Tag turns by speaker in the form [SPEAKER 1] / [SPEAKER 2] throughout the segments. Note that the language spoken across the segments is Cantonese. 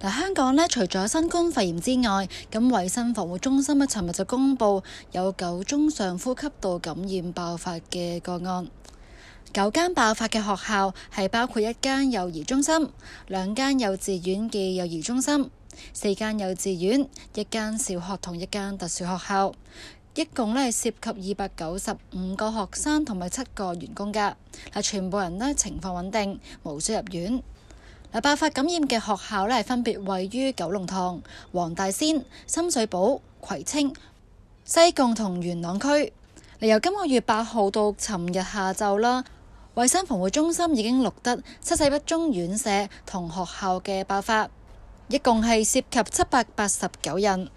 [SPEAKER 1] 嗱，香港呢除咗新冠肺炎之外，咁衞生防護中心呢，尋日就公布有九宗上呼吸道感染爆發嘅個案，九間爆發嘅學校係包括一間幼兒中心、兩間幼稚園嘅幼兒中心、四間幼稚園、一間小學同一間特殊學校，一共呢係涉及二百九十五個學生同埋七個員工㗎，嗱全部人呢情況穩定，無需入院。嗱，爆發感染嘅學校咧，係分別位於九龍塘、黃大仙、深水埗、葵青、西貢同元朗區。嚟由今個月八號到尋日下晝啦，衛生防護中心已經錄得七十一宗院舍同學校嘅爆發，一共係涉及七百八十九人。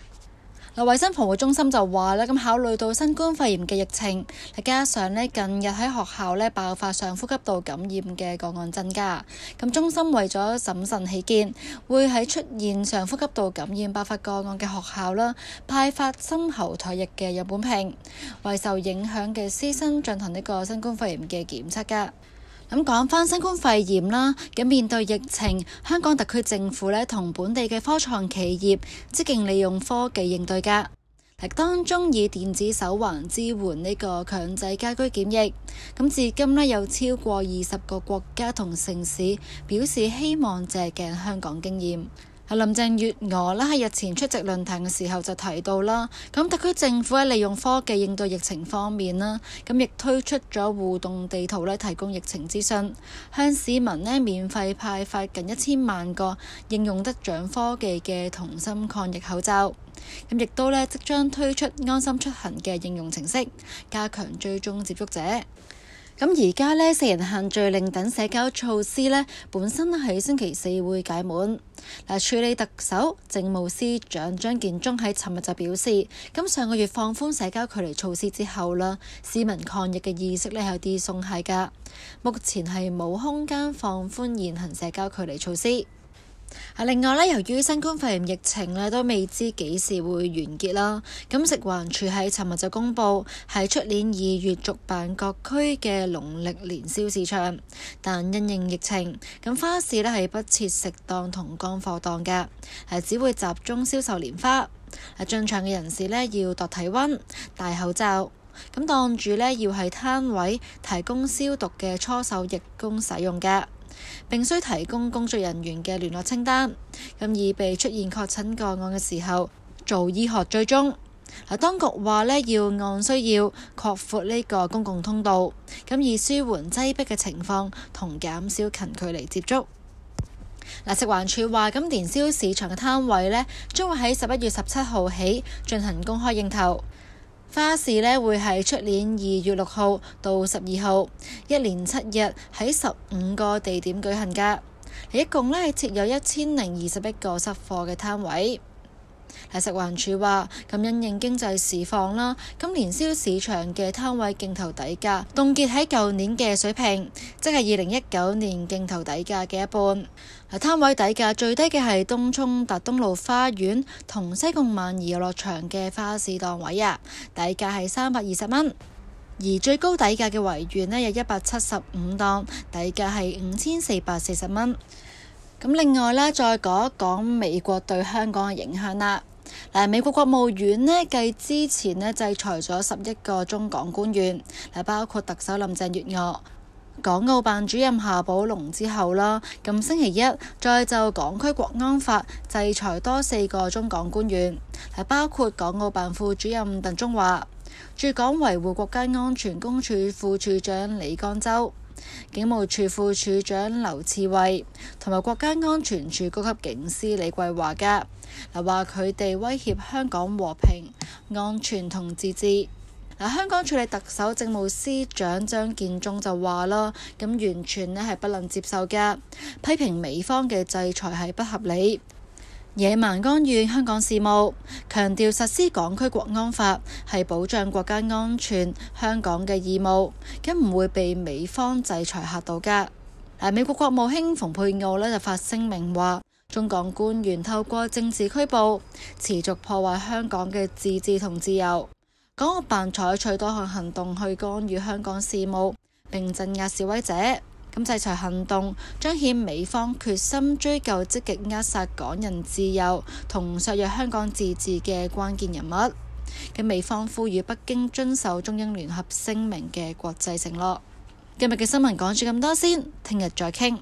[SPEAKER 1] 嗱，衞生防護中心就話咧，咁考慮到新冠肺炎嘅疫情，再加上咧近日喺學校咧爆發上呼吸道感染嘅個案增加，咁中心為咗審慎起見，會喺出現上呼吸道感染爆發個案嘅學校啦，派發深喉唾液嘅樣本瓶，為受影響嘅師生進行呢個新冠肺炎嘅檢測噶。咁講返新冠肺炎啦，咁面對疫情，香港特區政府呢同本地嘅科創企業積極利用科技應對㗎。嗱，當中以電子手環支援呢個強制家居檢疫。咁至今呢，有超過二十個國家同城市表示希望借鏡香港經驗。林鄭月娥咧喺日前出席論壇嘅時候就提到啦，咁特區政府喺利用科技應對疫情方面咧，咁亦推出咗互動地圖咧，提供疫情資訊，向市民呢免費派發近一千萬個應用得獎科技嘅同心抗疫口罩，咁亦都咧即將推出安心出行嘅應用程式，加強追蹤接觸者。咁而家呢四人限聚令等社交措施呢本身喺星期四會屆滿。嗱，署理特首、政務司長張建宗喺尋日就表示，咁上個月放寬社交距離措施之後啦，市民抗疫嘅意識咧有啲鬆懈㗎，目前係冇空間放寬現行社交距離措施。另外咧，由於新冠肺炎疫情咧都未知幾時會完結啦，咁食環署喺尋日就公佈，喺出年二月續辦各區嘅農曆年宵市場，但因應疫情，咁花市咧係不設食檔同乾貨檔嘅，係只會集中銷售年花。啊，進場嘅人士咧要度體温、戴口罩，咁檔主咧要喺攤位提供消毒嘅搓手液供使用嘅。並須提供工作人員嘅聯絡清單，咁以備出現確診個案嘅時候做醫學追蹤。嗱，當局話咧要按需要擴闊呢個公共通道，咁以舒緩擠迫嘅情況同減少近距離接觸。嗱，食環署話咁，年宵市場嘅攤位咧將會喺十一月十七號起進行公開應投。花市咧會喺出年二月六號到十二號，一連七日喺十五個地點舉行㗎。佢一共咧設有一千零二十一個濕貨嘅攤位。食環署話：咁因應經濟時況啦，今年宵市場嘅攤位競投底價凍結喺舊年嘅水平，即係二零一九年競投底價嘅一半。攤位底價最低嘅係東涌達東路花園同西貢萬宜遊樂場嘅花市檔位啊，底價係三百二十蚊；而最高底價嘅維園呢，有一百七十五檔，底價係五千四百四十蚊。咁另外咧，再講一講美國對香港嘅影響啦。嗱，美國國務院呢繼之前呢制裁咗十一個中港官員，係包括特首林鄭月娥、港澳辦主任夏寶龍之後啦。咁星期一再就港區國安法制裁多四個中港官員，係包括港澳辦副主任鄧中華、駐港維護國家安全公署副署長李江洲、警務處副處長劉賜慧同埋國家安全處高級警司李桂華噶。嗱，話佢哋威脅香港和平、安全同自治。嗱，香港署理特首政務司長張建宗就話啦，咁完全咧係不能接受嘅，批評美方嘅制裁係不合理，野蠻干預香港事務，強調實施港區國安法係保障國家安全、香港嘅義務，咁唔會被美方制裁嚇到㗎。美國國務卿蓬佩奧呢就發聲明話，中港官員透過政治拘捕，持續破壞香港嘅自治同自由。港澳辦採取多項行動去干預香港事務，並鎮壓示威者。咁制裁行動彰顯美方決心追究積極扼殺港人自由同削弱香港自治嘅關鍵人物。咁美方呼籲北京遵守中英聯合聲明嘅國際承諾。今日嘅新聞講住咁多先，聽日再傾。